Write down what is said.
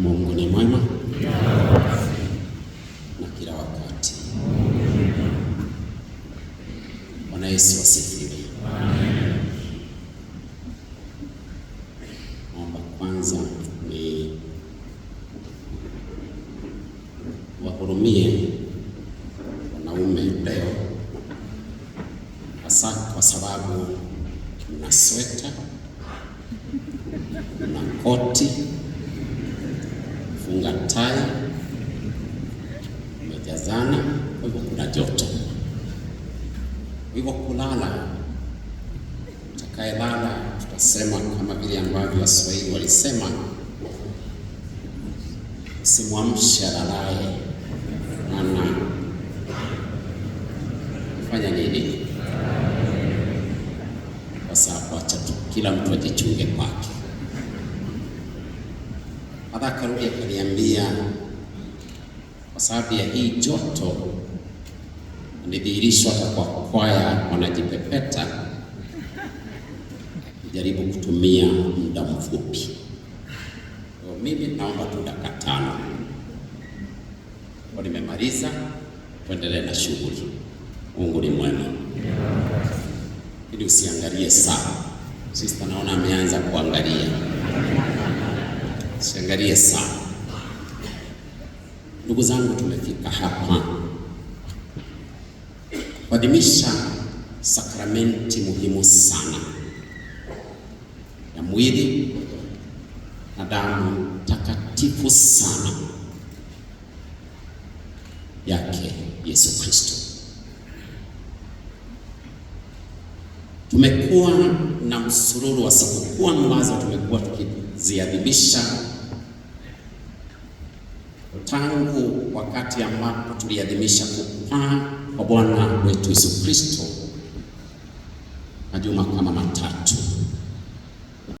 Mungu ni mwema na kila wakati. Bwana Yesu asifiwe. Naomba kwanza ni wahurumie wanaume leo, hasa kwa sababu tuna sweta na koti umefunga tai, umejazana, kwa hivyo kuna joto. Hivyo kulala, utakayelala tutasema kama vile ambavyo Waswahili walisema, simwamsha alalaye, ana fanya nini? Kwa sababu acha tu kila mtu ajichunge kwake. Baba akarudi akaniambia, kwa sababu ya hii joto nidhihirishwa kwa kwaya wanajipepeta, jaribu kutumia muda mfupi. Mimi naomba tu dakika tano, kwa nimemaliza, tuendelee na shughuli. Mungu ni mwema, ili usiangalie saa. Sista naona ameanza kuangalia siangalie sana. Ndugu zangu, tumefika hapa kuadhimisha sakramenti muhimu sana ya mwili na damu takatifu sana yake Yesu Kristo. Tumekuwa na msururu wa sikukuu ambazo tumekuwa tuki ziadhimisha tangu wakati ambapo tuliadhimisha kupaa kwa Bwana wetu Yesu Kristo majuma kama matatu